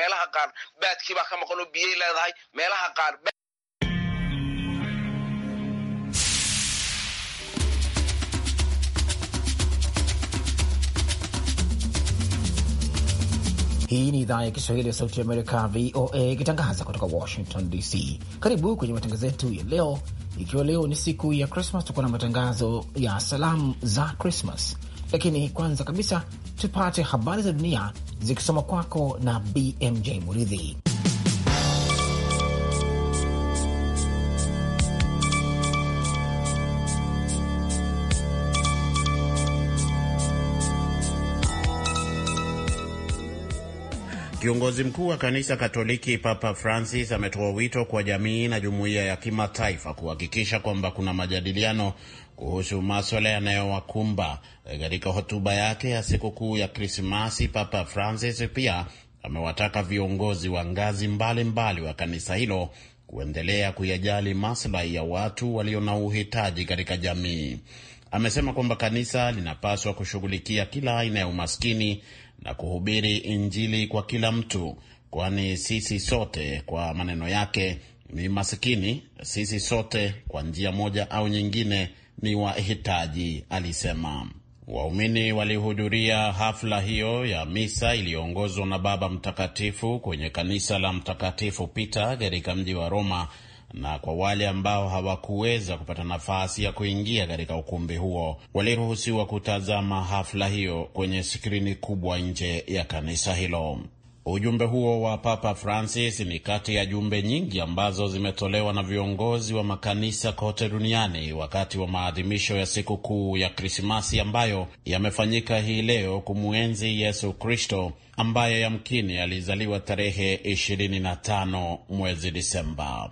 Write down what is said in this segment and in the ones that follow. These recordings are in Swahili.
meelaha qaar baadkii baa ka maqan oo biyay leedahay meelaha qaar Hii ni idhaa ya Kiswahili ya Sauti ya Amerika, VOA, ikitangaza kutoka Washington DC. Karibu kwenye matangazo yetu ya leo, ikiwa leo ni siku ya Krismas, tuko na matangazo ya salamu za Krismas lakini kwanza kabisa tupate habari za dunia zikisoma kwako na BMJ Muridhi. Kiongozi mkuu wa kanisa Katoliki Papa Francis ametoa wito kwa jamii na jumuiya ya kimataifa kuhakikisha kwamba kuna majadiliano kuhusu maswala yanayowakumba. Eh, katika hotuba yake ya sikukuu ya Krismasi, Papa Francis pia amewataka viongozi wa ngazi mbalimbali wa kanisa hilo kuendelea kuyajali maslahi ya watu walio na uhitaji katika jamii. Amesema kwamba kanisa linapaswa kushughulikia kila aina ya umaskini na kuhubiri Injili kwa kila mtu, kwani sisi sote, kwa maneno yake, ni masikini. Sisi sote kwa njia moja au nyingine ni wahitaji, alisema. Waumini walihudhuria hafla hiyo ya misa iliyoongozwa na Baba Mtakatifu kwenye kanisa la Mtakatifu Peter katika mji wa Roma, na kwa wale ambao hawakuweza kupata nafasi ya kuingia katika ukumbi huo waliruhusiwa kutazama hafla hiyo kwenye skrini kubwa nje ya kanisa hilo. Ujumbe huo wa Papa Francis ni kati ya jumbe nyingi ambazo zimetolewa na viongozi wa makanisa kote duniani wakati wa maadhimisho ya sikukuu ya Krismasi ambayo yamefanyika hii leo kumwenzi Yesu Kristo ambaye yamkini alizaliwa tarehe 25 mwezi Disemba.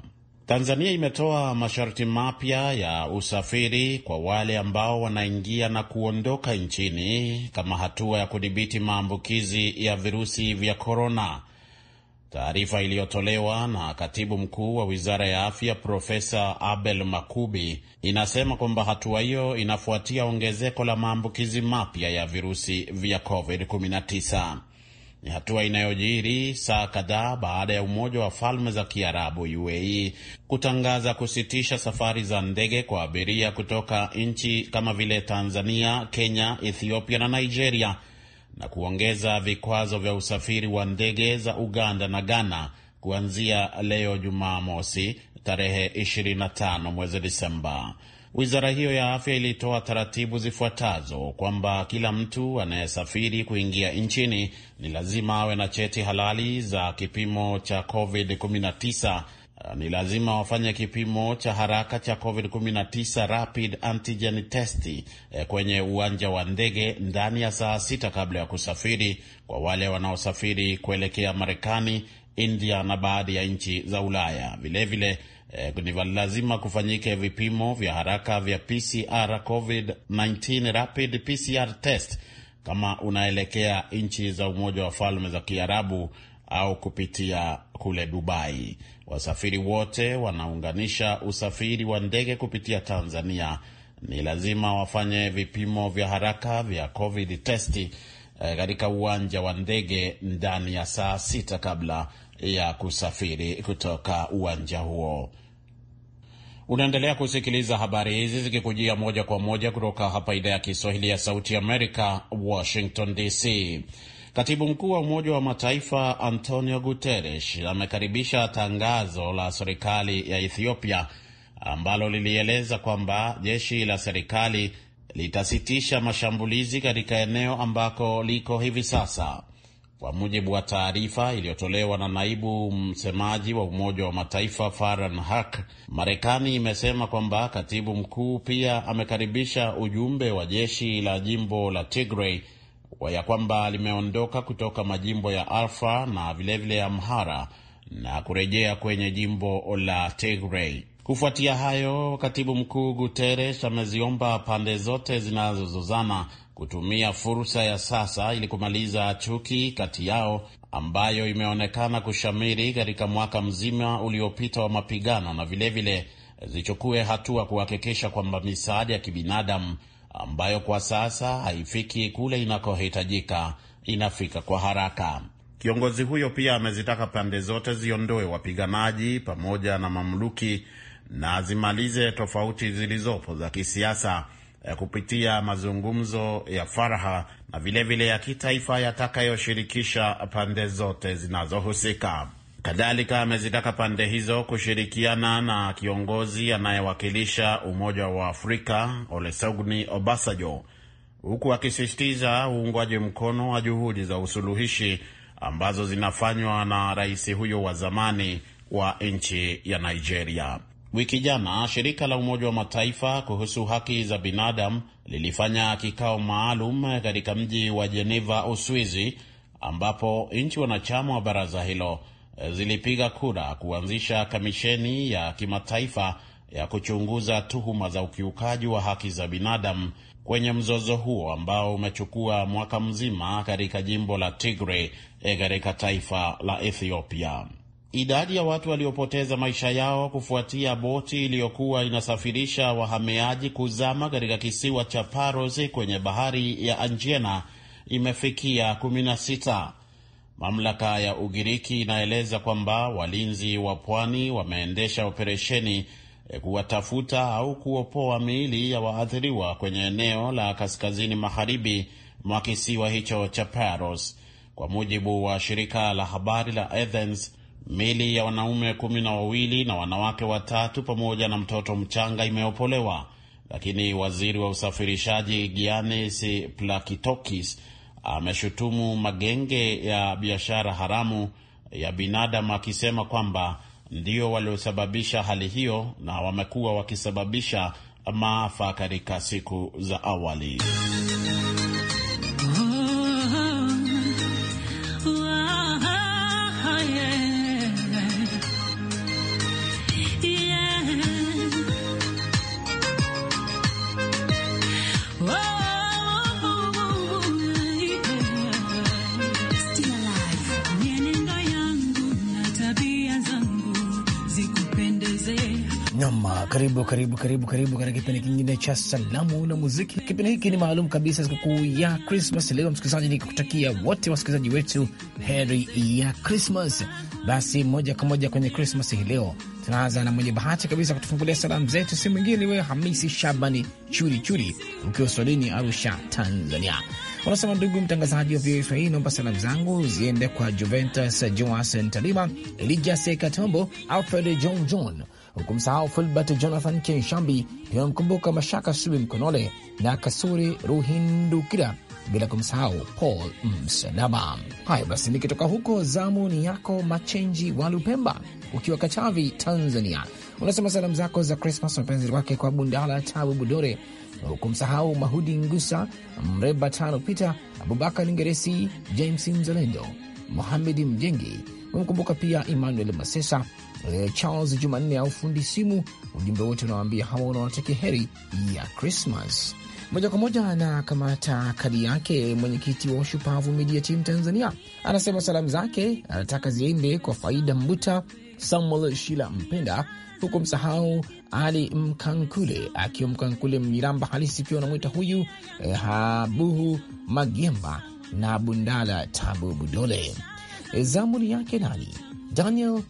Tanzania imetoa masharti mapya ya usafiri kwa wale ambao wanaingia na kuondoka nchini kama hatua ya kudhibiti maambukizi ya virusi vya korona. Taarifa iliyotolewa na katibu mkuu wa wizara ya afya Profesa Abel Makubi inasema kwamba hatua hiyo inafuatia ongezeko la maambukizi mapya ya virusi vya COVID-19. Ni hatua inayojiri saa kadhaa baada ya Umoja wa Falme za Kiarabu UAE kutangaza kusitisha safari za ndege kwa abiria kutoka nchi kama vile Tanzania, Kenya, Ethiopia na Nigeria na kuongeza vikwazo vya usafiri wa ndege za Uganda na Ghana kuanzia leo Jumamosi tarehe 25 mwezi Disemba. Wizara hiyo ya afya ilitoa taratibu zifuatazo kwamba kila mtu anayesafiri kuingia nchini ni lazima awe na cheti halali za kipimo cha COVID-19. Ni lazima wafanye kipimo cha haraka cha COVID-19 rapid antigen test eh, kwenye uwanja wa ndege ndani ya saa sita kabla ya kusafiri kwa wale wanaosafiri kuelekea Marekani, India na baadhi ya nchi za Ulaya vilevile vile, e, eh, ni lazima kufanyike vipimo vya haraka vya PCR COVID-19 rapid PCR test kama unaelekea nchi za Umoja wa Falme za Kiarabu au kupitia kule Dubai. Wasafiri wote wanaunganisha usafiri wa ndege kupitia Tanzania ni lazima wafanye vipimo vya haraka vya COVID testi Eh, katika uwanja wa ndege ndani ya saa sita kabla ya kusafiri kutoka uwanja huo. Unaendelea kusikiliza habari hizi zikikujia moja kwa moja kutoka hapa idhaa ya Kiswahili ya Sauti Amerika, Washington DC. Katibu mkuu wa Umoja wa Mataifa Antonio Guterres amekaribisha tangazo la serikali ya Ethiopia ambalo lilieleza kwamba jeshi la serikali litasitisha mashambulizi katika eneo ambako liko hivi sasa, kwa mujibu wa taarifa iliyotolewa na naibu msemaji wa Umoja wa Mataifa Farhan Haq. Marekani imesema kwamba katibu mkuu pia amekaribisha ujumbe wa jeshi la jimbo la Tigray ya kwamba limeondoka kutoka majimbo ya Alfa na vilevile vile Amhara na kurejea kwenye jimbo la Tigray. Kufuatia hayo, katibu mkuu Guterres ameziomba pande zote zinazozozana kutumia fursa ya sasa ili kumaliza chuki kati yao ambayo imeonekana kushamiri katika mwaka mzima uliopita wa mapigano, na vilevile zichukue hatua kuhakikisha kwamba misaada ya kibinadamu ambayo kwa sasa haifiki kule inakohitajika inafika kwa haraka. Kiongozi huyo pia amezitaka pande zote ziondoe wapiganaji pamoja na mamluki na zimalize tofauti zilizopo za kisiasa eh, kupitia mazungumzo ya faraha na vilevile vile ya kitaifa yatakayoshirikisha pande zote zinazohusika. Kadhalika amezitaka pande hizo kushirikiana na kiongozi anayewakilisha Umoja wa Afrika Olusegun Obasanjo, huku akisisitiza uungwaji mkono wa juhudi za usuluhishi ambazo zinafanywa na rais huyo wa zamani wa nchi ya Nigeria. Wiki jana shirika la Umoja wa Mataifa kuhusu haki za binadamu lilifanya kikao maalum katika mji wa Jeneva, Uswizi, ambapo nchi wanachama wa baraza hilo e, zilipiga kura kuanzisha kamisheni ya kimataifa ya kuchunguza tuhuma za ukiukaji wa haki za binadamu kwenye mzozo huo ambao umechukua mwaka mzima katika jimbo la Tigray e, katika taifa la Ethiopia. Idadi ya watu waliopoteza maisha yao kufuatia boti iliyokuwa inasafirisha wahamiaji kuzama katika kisiwa cha Paros kwenye bahari ya Anjiena imefikia 16. Mamlaka ya Ugiriki inaeleza kwamba walinzi wa pwani wameendesha operesheni e, kuwatafuta au kuopoa miili ya waathiriwa kwenye eneo la kaskazini magharibi mwa kisiwa hicho cha Paros, kwa mujibu wa shirika la habari la Athens. Mili ya wanaume kumi na wawili na wanawake watatu pamoja na mtoto mchanga imeopolewa, lakini waziri wa usafirishaji Giannis Plakitokis ameshutumu magenge ya biashara haramu ya binadamu akisema kwamba ndio waliosababisha hali hiyo na wamekuwa wakisababisha maafa katika siku za awali. Karibu karibu karibu karibu katika kipindi kingine cha salamu na muziki. Kipindi hiki ni maalum kabisa sikukuu ya Krismas. Leo msikilizaji, nikikutakia wote wasikilizaji wetu heri ya Krismas. Basi moja kwa moja kwenye Krismas hii leo tunaanza na mwenye bahati kabisa kutufungulia salamu zetu, si mwingine wewe Hamisi Shabani Churi Churi, ukiwa Swalini, Arusha, Tanzania. Unasema, ndugu mtangazaji wa VOA Swahili, naomba salamu zangu ziende kwa Juventus Joas Ntalima, Elija Sekatombo, Alfred John John hukumsahau Fulbert Jonathan Kenshambi, amkumbuka Mashaka Subi Mkonole na Kasuri Ruhindukira, bila kumsahau Paul msadaba Haya basi, nikitoka huko, zamu ni yako Machenji wa Lupemba, ukiwa Katavi, Tanzania. Unasema salamu zako za Krismas mapenzi wake kwa Bundala Tabu Budore, hukumsahau Mahudi Ngusa Mreba Tano Peter Abubakar Ngeresi, James Mzalendo, Muhamedi Mjengi Wamkumbuka pia Emmanuel Masesa, eh, Charles Jumanne au fundi simu. Ujumbe wote unawaambia hawa unawatakia heri ya Krismas. Moja kwa moja na kamata kadi yake. Mwenyekiti wa ushupavu media tim Tanzania anasema salamu zake anataka ziende kwa Faida Mbuta, Samuel Shila Mpenda, huku msahau Ali Mkankule akiwa Mkankule Mnyiramba halisi, pia unamwita huyu eh, Habuhu Magemba na Bundala Tabu Budole zamuni yake nani? Daniel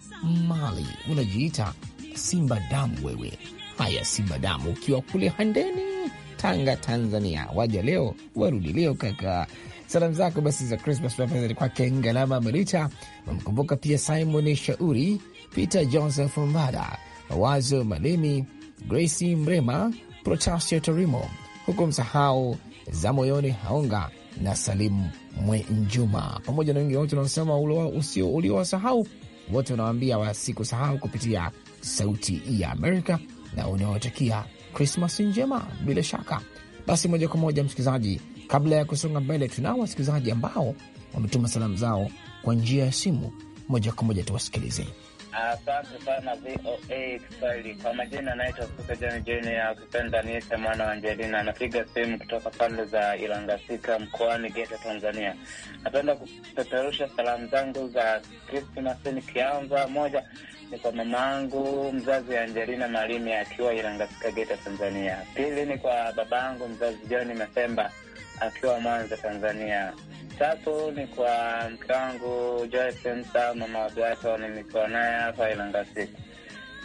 Mali, unajiita Simba Damu wewe. Haya, Simba Damu, ukiwa kule Handeni, Tanga, Tanzania, waja leo warudi leo kaka. Salamu zako basi za Krismas tunapezani kwake Ngalama Marita, wamkumbuka pia Simon Shauri, Peter Joseph Mbada, Mawazo Malemi, Gracie Mrema, Protasio Torimo, huku msahau za moyoni Haonga na Salimu Mwenjuma pamoja na wengi wote wanaosema usio uliowasahau wote wanawaambia wasikusahau kupitia Sauti ya Amerika na unaotakia Krismas njema. Bila shaka basi, moja kwa moja msikilizaji, kabla ya kusonga mbele, tunao wasikilizaji ambao wametuma salamu zao kwa njia ya simu. Moja kwa moja tuwasikilize. Asante sana VOA Kiswahili. Kwa majina anaitwa Kuka John Jeni ya kupenda niite mwana wa Angelina, anapiga sehemu kutoka pande za Ilangasika mkoani geta Tanzania. Napenda kupeperusha salamu zangu za Krismasi nikianza, moja ni kwa mamaangu mzazi Angelina Malimi akiwa Ilangasika geta Tanzania. Pili ni kwa baba angu mzazi Johni Mepemba akiwa Mwanza, Tanzania. Tatu ni kwa mke wangu Joyce Msa, mama Blyton, nikiwa naye hapa Ilangasiku.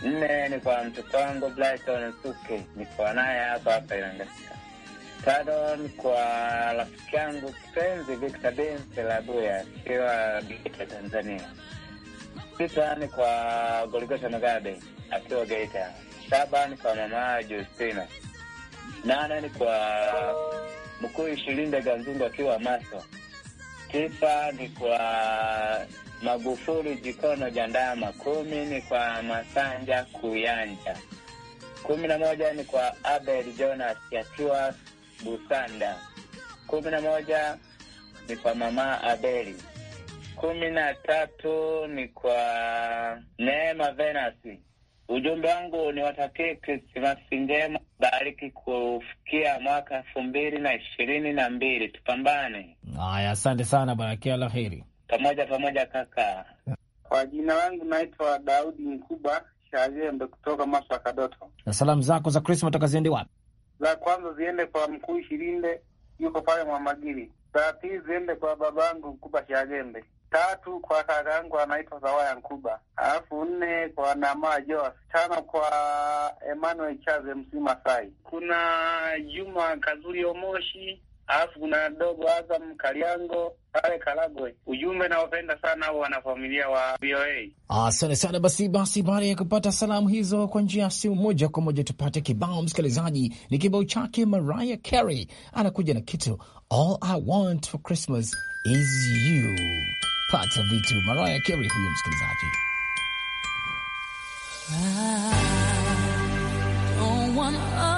Nne ni kwa mtoto wangu Blyton Suke, nikiwa naye hapa hapa Ilangasiku. Tano ni kwa rafiki yangu kipenzi Victor Bensi Labuya, akiwa Geita, Tanzania. Sita ni kwa Goligosha Magabe, akiwa Geita. Saba ni kwa mama Justina. Nane ni kwa mkuu Shilinde Ganzungu, akiwa Maso tisa ni kwa Magufuli Jikono Jandama, kumi ni kwa Masanja Kuyanja, kumi na moja ni kwa Abel Jonas Yatua Busanda, kumi na moja ni kwa Mama Abeli, kumi na tatu ni kwa Neema Venasi Ujumbe wangu ni watakie Krismasi njema, bariki kufikia mwaka elfu mbili na ishirini na mbili, tupambane. Haya, asante sana bwana, kila la heri. Pamoja pamoja kaka. Kwa jina langu naitwa Daudi Mkubwa Shazembe kutoka Maswa Na salamu zako za Krisma toka ziende wapi? Za kwanza ziende kwa mkuu Shirinde, yuko pale Mwamagiri. Za pili ziende kwa babangu Mkubwa Shazembe tatu kwa kaka yangu anaitwa Zawaya Nkuba, alafu nne kwa Namaa Jos, tano kwa Emmanuel Chaze Msima Sai, kuna Juma Kazuri Omoshi, alafu kuna dogo Azam Kaliango pale Karagwe. Ujumbe naopenda sana au wanafamilia wa VOA, asante sana. Basi basi, baada ya kupata salamu hizo kwa njia ya simu, moja kwa moja tupate kibao. Msikilizaji, ni kibao chake Mariah Carey, anakuja na kitu All I Want for Christmas is You pata vitu Mariah Carey huyo, msikilizaji I don't wanna...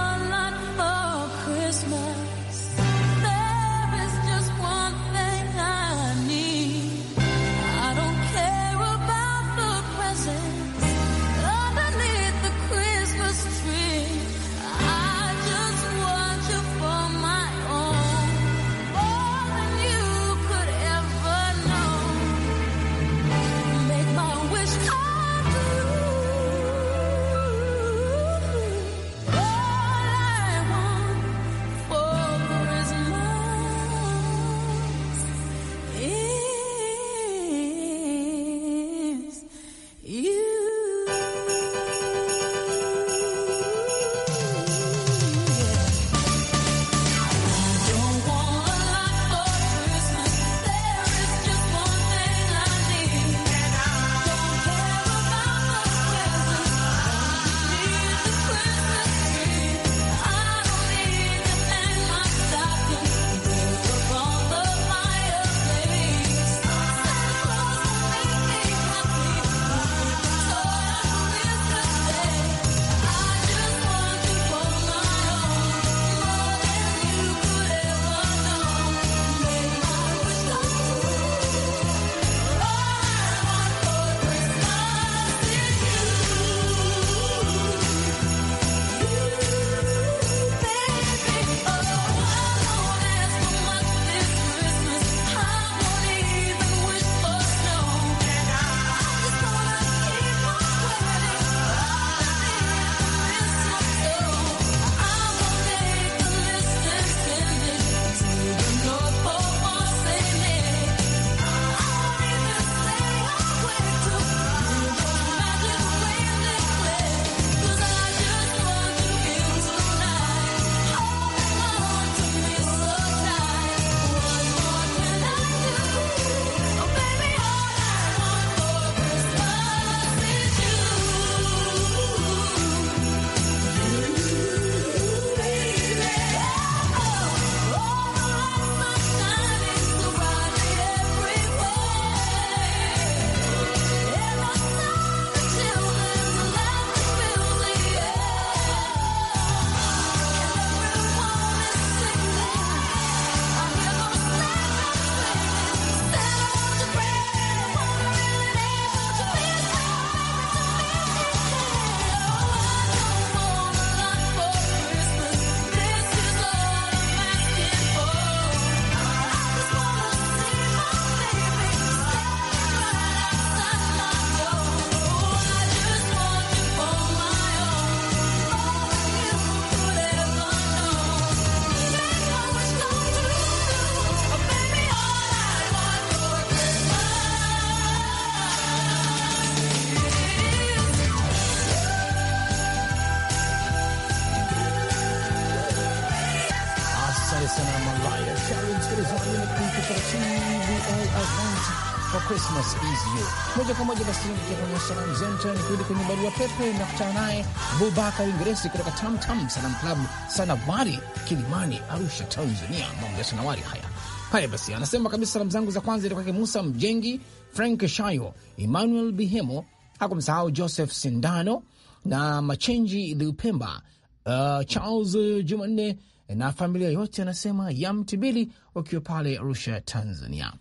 for Christmas is you. Moja kwa moja basi tunaelekea kwenye salamu zetu, ni kurudi kwenye barua pepe na kutana naye Abubakar Ingresi kutoka Tamtam Salam Club Sanawari, Kilimani, Arusha, Tanzania. Mambo ya Sanawari haya haya. Basi anasema kabisa, salamu zangu za kwanza kwake Musa Mjengi, Frank Shayo, Emmanuel Bihemo, hakumsahau Joseph Sindano na Machenji Liupemba, uh, Charles Jumanne na familia yote, anasema ya Mtibili wakiwa pale Arusha, Tanzania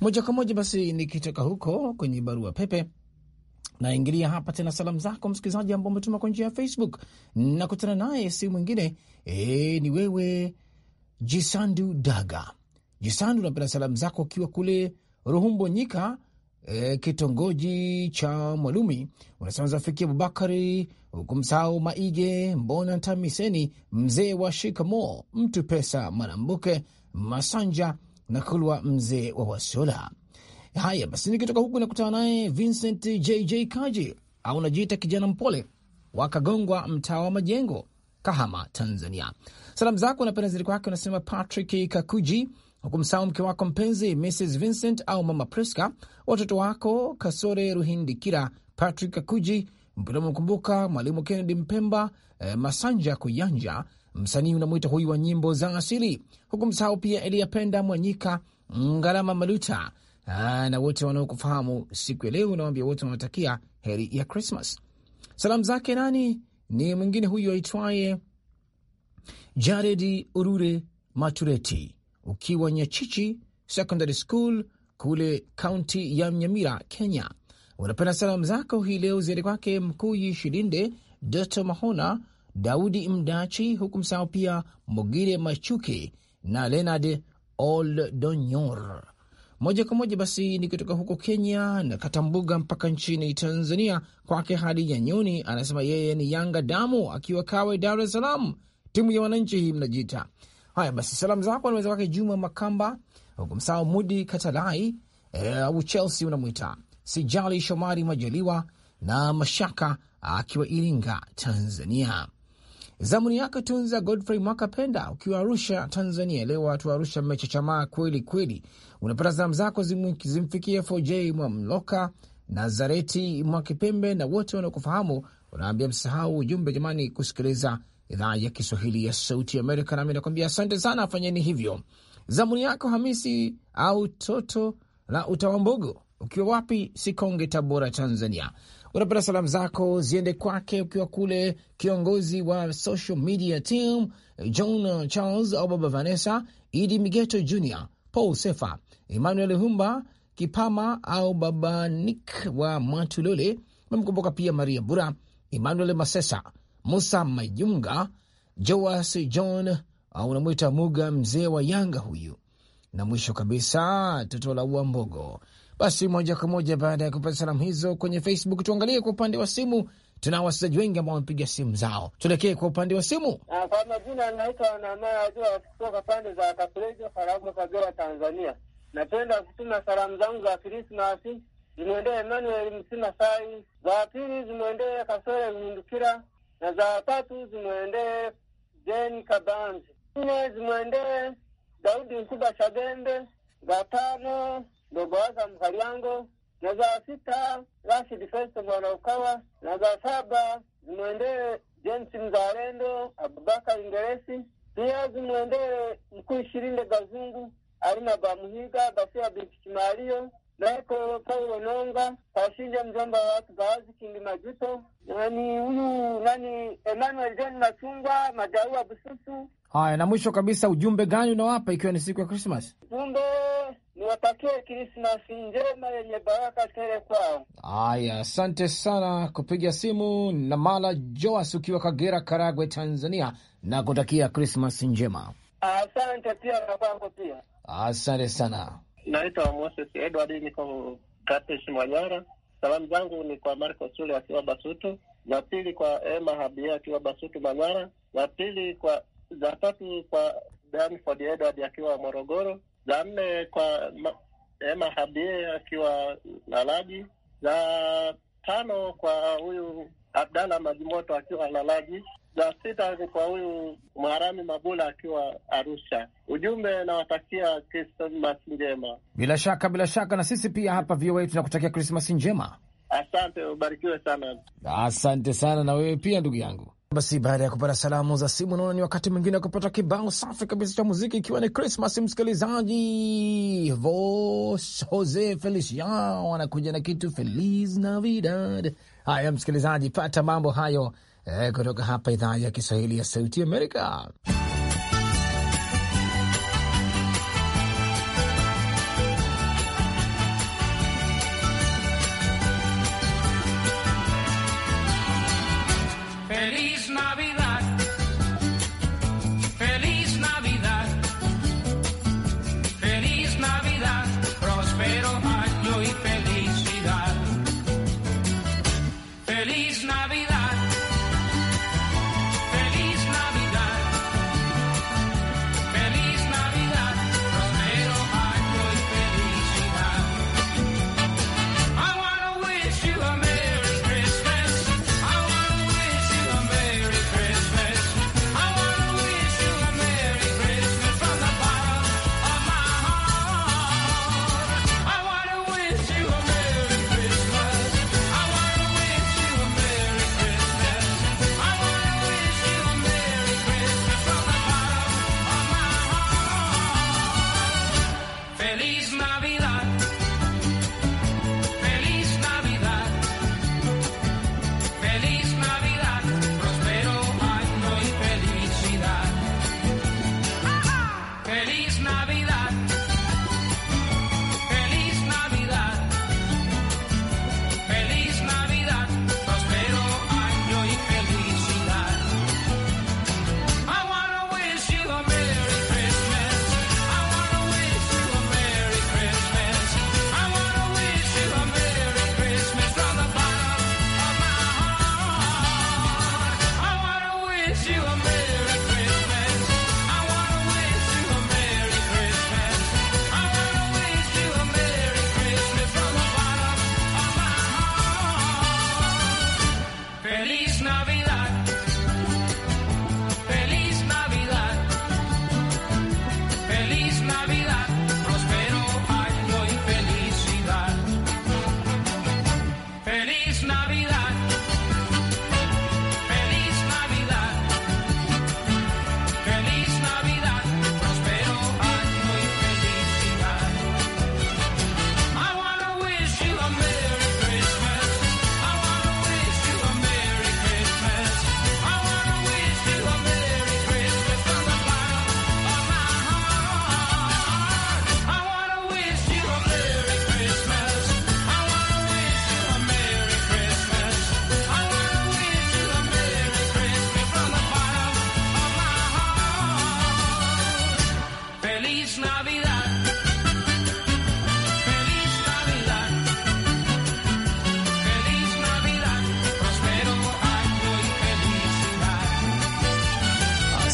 moja kwa moja. Basi nikitoka huko kwenye barua pepe naingilia hapa tena salamu zako msikilizaji ambao umetuma kwa njia ya Facebook. Nakutana naye si mwingine e, ni wewe Jisandu Daga. Jisandu, napenda salamu zako ukiwa kule Ruhumbo Nyika, e, kitongoji cha Mwalumi. Unasema zafikia Abubakari hukumsahau Maige Mbona Tamiseni, mzee wa shikamo, mtu pesa Marambuke Masanja na Kulwa mzee wa Wasola. Haya basi, nikitoka huku nakutana naye Vincent JJ Kaji au najiita kijana mpole wakagongwa mtaa wa Majengo, Kahama, Tanzania. Salamu zako napenda zili kwake, unasema Patrick Kakuji, hukumsahau mke wako mpenzi Mrs Vincent au mama Priska, watoto wako Kasore Ruhindikira, Patrick Kakuji, Mpendo Mkumbuka, Mwalimu Kennedy Mpemba, eh, Masanja Kuyanja msanii unamwita huyu wa nyimbo za asili, huku msahau pia Eliyapenda Mwanyika, Ngalama Maluta ah, na wote wanaokufahamu siku ya leo. Nawambia wote wanatakia heri ya Krismas. Salamu zake nani? Ni mwingine huyu aitwaye Jaredi Urure Matureti, ukiwa Nyachichi Secondary School kule kaunti ya Mnyamira, Kenya. Unapenda salamu zako hii leo ziende kwake Mkuyi Shilinde, Doto Mahona, Daudi Mdachi, huku msahau pia Mogire Machuke na Leonard Donyor. Moja kwa moja basi ni kutoka huko Kenya na Katambuga mpaka nchini Tanzania, kwake hadi Nyanyuni, anasema yeye ni Yanga damu, akiwa Kawe, Dar es Salaam. Timu ya wananchi hii mnajiita. Haya basi, salamu zako anaweza kwake Juma Makamba, huku hukumsahau Mudi Katalai eh, au e, Chelsea unamwita Sijali Shomari Majaliwa na Mashaka akiwa Iringa, Tanzania. Zamuni yako Tunza Godfrey Mwakapenda, ukiwa Arusha, Tanzania. Leo watu wa Arusha mmechachamaa kweli kweli. Unapata zamu zako zimfikie FJ Mwamloka, Nazareti Mwakipembe na wote wanaokufahamu. Unaambia msahau ujumbe jamani, kusikiliza idhaa ya Kiswahili ya Sauti Amerika, nami nakwambia asante sana, fanyeni hivyo. Zamuni yako Hamisi au Toto la Utawambogo, ukiwa wapi? Sikonge, Tabora, Tanzania unapata salamu zako ziende kwake ukiwa kule, kiongozi wa social media team John Charles au Baba Vanessa, Idi Migeto Jr, Paul Sefa, Emmanuel Humba Kipama au Baba Nick wa Mwatulole. Memkumbuka pia Maria Bura, Emmanuel Masesa, Musa Mayunga, Joas John au unamwita Muga, mzee wa Yanga huyu, na mwisho kabisa Toto la Uambogo basi moja kwa moja baada ya kupata salamu hizo kwenye Facebook, tuangalie kwa upande wa simu. Tuna wasikilizaji wengi ambao wamepiga simu zao, tuelekee kwa upande wa simu. Ah, kwa majina anaitwa Namayajua kutoka pande za Kakurejo, Karagwe, Kagera, Tanzania. Napenda kutuma salamu zangu za Krismasi zimwendee Emmanuel Msima Sai, za pili zimwendee Kasore Mundukira na za tatu zimwendee Jeni Kabanzi, nne zimwendee Daudi Mkuba shagembe za tano Ndogowaza Mkalyango, na za sita Rashid Festo Mwanaukawa, na za saba zimwendee James Mzalendo, Abubakar Ingeresi, pia zimwendee Mkuu Ishirinde Gazungu, Alina Bamuhiga, Basia Bikichimalio, Michael Paulo Nonga, Kashinja mjomba wa watu Baazi Kingi Majuto, nani huyu nani Emmanuel John Machungwa, Madaua Bususu Haya, na mwisho kabisa, ujumbe gani unawapa ikiwa ni siku ya Krismas? Ujumbe niwatakie Krismas njema yenye baraka tele kwao. Haya, asante sana kupiga simu na Mala Joas ukiwa Kagera, Karagwe, Tanzania, na kutakia Krismas njema. Asante pia na kwangu pia, asante sana. Naitwa Moses Edward, niko Kateshi, Manyara. Salamu zangu ni kwa Marco Sule akiwa Basutu, na pili kwa Ema Habia akiwa Basutu, Manyara, na pili kwa za tatu kwa Danford Edward akiwa Morogoro, za nne kwa Emma Habie akiwa Lalaji, za tano kwa huyu Abdalla Majimoto akiwa Lalaji, za sita ni kwa huyu Mharami Mabula akiwa Arusha. Ujumbe nawatakia Krismasi njema. Bila shaka, bila shaka, na sisi pia hapa VOA tunakutakia Krismasi njema. Asante, ubarikiwe sana. Asante sana na wewe pia ndugu yangu. Basi baada ya kupata salamu za simu, naona ni wakati mwingine wa kupata kibao safi kabisa cha muziki, ikiwa ni Christmas. Msikilizaji Vos Jose Feliciano anakuja na kitu Feliz Navidad. Haya msikilizaji, pata mambo hayo eh, kutoka hapa idhaa ya Kiswahili ya Sauti Amerika.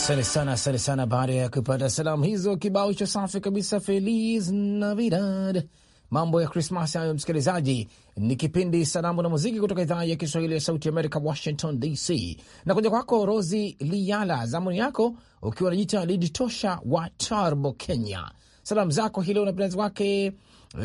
Asante sana, asante sana. Baada ya kupata salamu hizo, kibao hicho safi kabisa, Feliz Navidad, mambo ya Krismas hayo. Msikilizaji, ni kipindi Salamu na Muziki kutoka idhaa ya Kiswahili ya Sauti Amerika, Washington DC. Na kuja kwako Rosi Liala, zamuni yako ukiwa najita lidi tosha wa Tarbo, Kenya. Salamu zako hilo na pendazi wake e,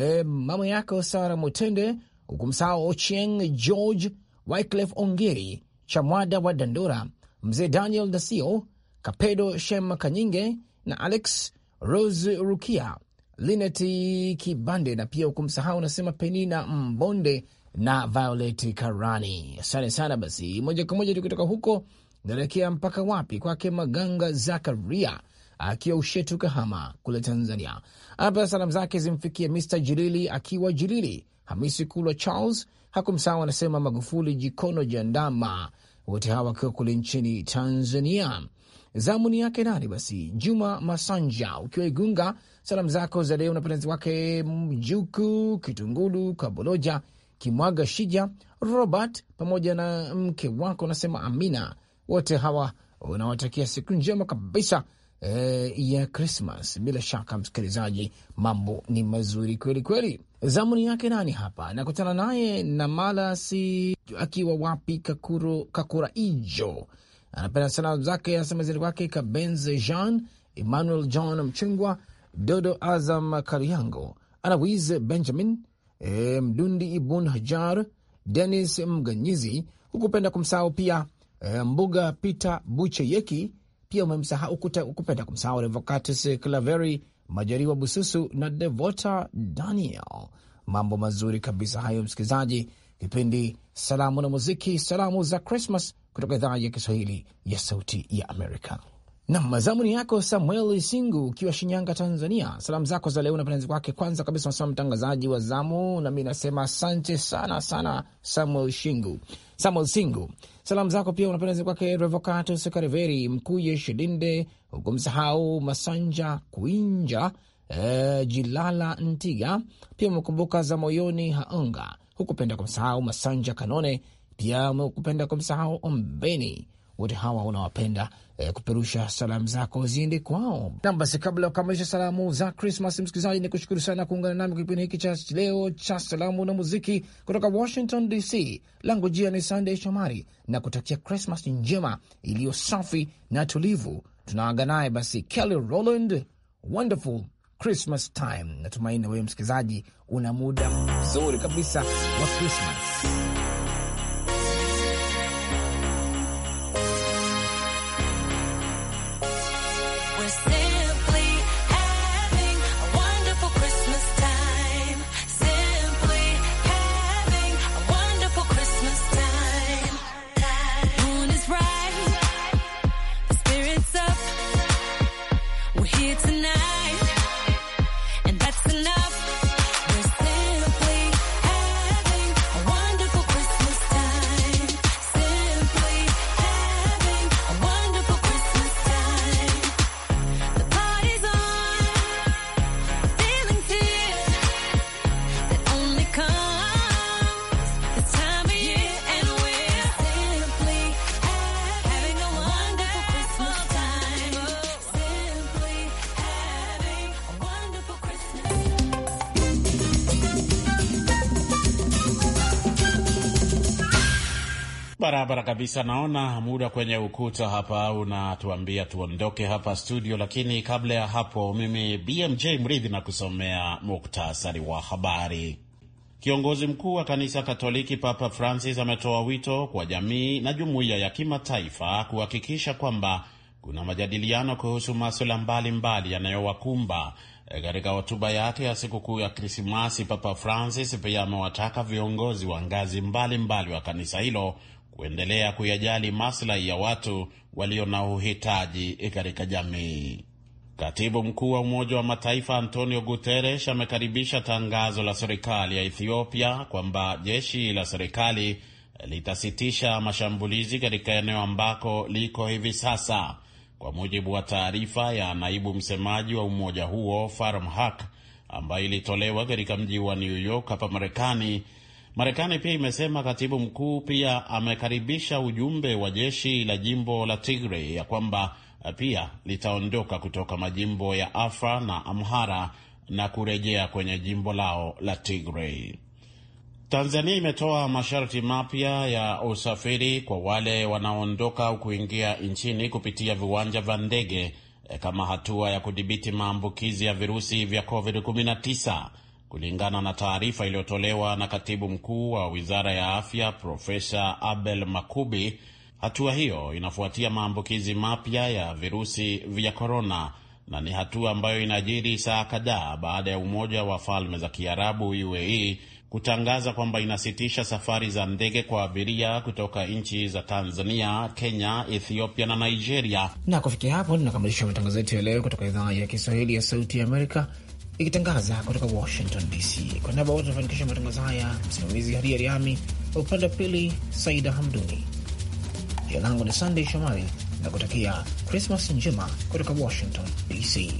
eh, mama yako Sara Mutende, ukumsahau Ochieng George, Wyclef Ongeri, Chamwada wa Dandora, mzee Daniel Dasio Kapedo Shem Kanyinge na Alex Rose Rukia, Linet Kibande na pia ukumsahau unasema Penina Mbonde na Violet Karani. Asante sana. Basi moja kwa moja tukitoka huko naelekea mpaka wapi? Kwake Maganga Zakaria akiwa Ushetu, Kahama kule Tanzania. Hapa salamu zake zimfikia Mr Jirili akiwa Jirili, Hamisi Kulwa Charles hakumsahau anasema Magufuli Jikono Jandama, wote hawa wakiwa kule nchini Tanzania. Zamu ni yake nani basi? Juma Masanja, ukiwa Igunga, salamu zako za leo na penezi wake Mjuku Kitungulu Kaboloja Kimwaga Shija Robert pamoja na mke wako, unasema Amina. Wote hawa unawatakia siku njema kabisa e, ya Krismas. Bila shaka, msikilizaji, mambo ni mazuri kweli kweli. Zamuni yake nani hapa, nakutana naye na Malasi akiwa wapi, Kakuro Kakura Ijo Anapenda salamu zake, anasema ziende kwake Kabenze Jean Emmanuel, John Mchungwa, Dodo Azam Kariango, Anawiz Benjamin, e, Mdundi Ibun Hajar, Denis Mganyizi. Hukupenda kumsahau pia e, Mbuga Peter Bucheyeki, pia umemsahau hukupenda kumsahau Revocatus Claveri, Majariwa Bususu na Devota Daniel. Mambo mazuri kabisa hayo, msikilizaji. Kipindi salamu na muziki, salamu za Krismas kutoka idhaa ya Kiswahili ya Sauti ya Amerika. Nam zamuni yako Samuel Isingu ukiwa Shinyanga, Tanzania. Salamu zako za leo na penzi kwake, kwanza kabisa nasema mtangazaji wa zamu, nami nasema asante sana sana Samuel Shingu, Samuel Singu. Salamu zako pia unapendezi kwake Revocato Sekariveri Mkuye Shilinde, huku msahau Masanja Kuinja eh, Jilala Ntiga, pia umekumbuka za moyoni Haonga, hukupenda kumsahau Masanja Kanone pia kwa kumsahau ombeni wote hawa unawapenda eh, kuperusha salamu zako ziende kwao. Na basi kabla ya kukamilisha salamu za Krismas, msikilizaji, ni kushukuru sana kuungana nami kwa kipindi hiki cha leo cha salamu na muziki kutoka Washington DC. Langu jia ni Sandey Shomari na kutakia Krismas njema iliyo safi na tulivu. Tunaaga naye basi Kelly Rowland, wonderful Christmas time. Natumaini wewe msikilizaji una muda mzuri kabisa wa Krismas. Barabara kabisa. Naona muda kwenye ukuta hapa unatuambia tuondoke hapa studio, lakini kabla ya hapo, mimi BMJ Mridhi na kusomea muktasari wa habari. Kiongozi mkuu wa kanisa Katoliki Papa Francis ametoa wito kwa jamii na jumuiya ya kimataifa kuhakikisha kwamba kuna majadiliano kuhusu maswala mbalimbali yanayowakumba. Katika hotuba yake ya sikukuu ya Krismasi, Papa Francis pia amewataka viongozi wa ngazi mbalimbali mbali wa kanisa hilo kuendelea kuyajali maslahi ya watu walio na uhitaji katika jamii. Katibu mkuu wa Umoja wa Mataifa Antonio Guterres amekaribisha tangazo la serikali ya Ethiopia kwamba jeshi la serikali litasitisha mashambulizi katika eneo ambako liko hivi sasa. Kwa mujibu wa taarifa ya naibu msemaji wa umoja huo farm Haq ambayo ilitolewa katika mji wa New York hapa Marekani, Marekani pia imesema katibu mkuu pia amekaribisha ujumbe wa jeshi la jimbo la Tigray ya kwamba eh, pia litaondoka kutoka majimbo ya afra na Amhara na kurejea kwenye jimbo lao la Tigray. Tanzania imetoa masharti mapya ya usafiri kwa wale wanaoondoka au kuingia nchini kupitia viwanja vya ndege eh, kama hatua ya kudhibiti maambukizi ya virusi vya COVID-19 kulingana na taarifa iliyotolewa na katibu mkuu wa wizara ya afya Profesa Abel Makubi. Hatua hiyo inafuatia maambukizi mapya ya virusi vya korona na ni hatua ambayo inajiri saa kadhaa baada ya Umoja wa Falme za Kiarabu UAE kutangaza kwamba inasitisha safari za ndege kwa abiria kutoka nchi za Tanzania, Kenya, Ethiopia na Nigeria. Na kufikia hapo tunakamilisha matangazo yetu ya leo kutoka idhaa ya Kiswahili ya Sauti ya Amerika ikitangaza kutoka Washington DC. Kwa niaba wote wanafanikisha matangazo haya, msimamizi Hadia Riami, kwa upande wa pili Saida Hamduni. Jina langu ni Sandey Shomari na kutakia Krismas njema kutoka Washington DC.